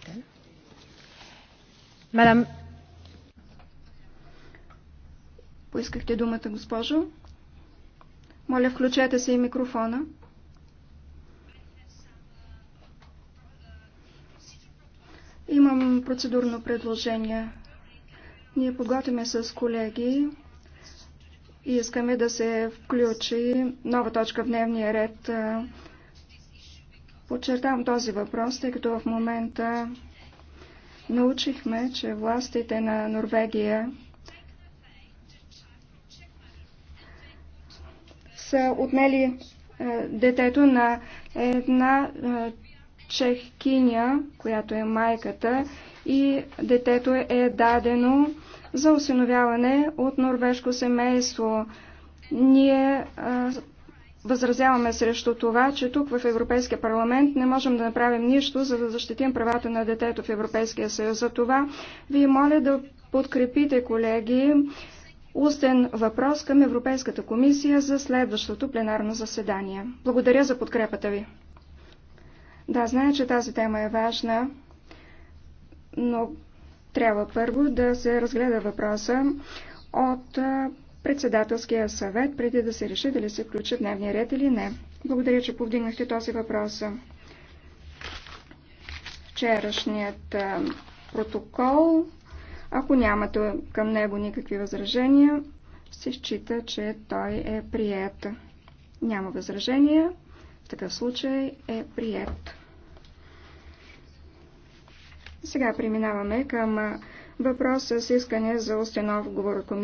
председател. Мадам... Поискахте думата, госпожо. Моля, включете се и микрофона. Имам процедурно предложение. Ние подготвяме с колеги и искаме да се включи нова точка в дневния ред Подчертавам този въпрос, тъй като в момента научихме, че властите на Норвегия са отнели е, детето на една е, чехкиня, която е майката, и детето е дадено за осиновяване от норвежко семейство. Ние е, Възразяваме срещу това, че тук в Европейския парламент не можем да направим нищо, за да защитим правата на детето в Европейския съюз. За това ви моля да подкрепите, колеги, устен въпрос към Европейската комисия за следващото пленарно заседание. Благодаря за подкрепата ви. Да, зная, че тази тема е важна, но трябва първо да се разгледа въпроса от председателския съвет, преди да се реши дали се включи в дневния ред или не. Благодаря, че повдигнахте този въпрос. Вчерашният протокол, ако нямате към него никакви възражения, се счита, че той е прият. Няма възражения. В такъв случай е прият. Сега преминаваме към въпроса с искане за установ говорокомизия.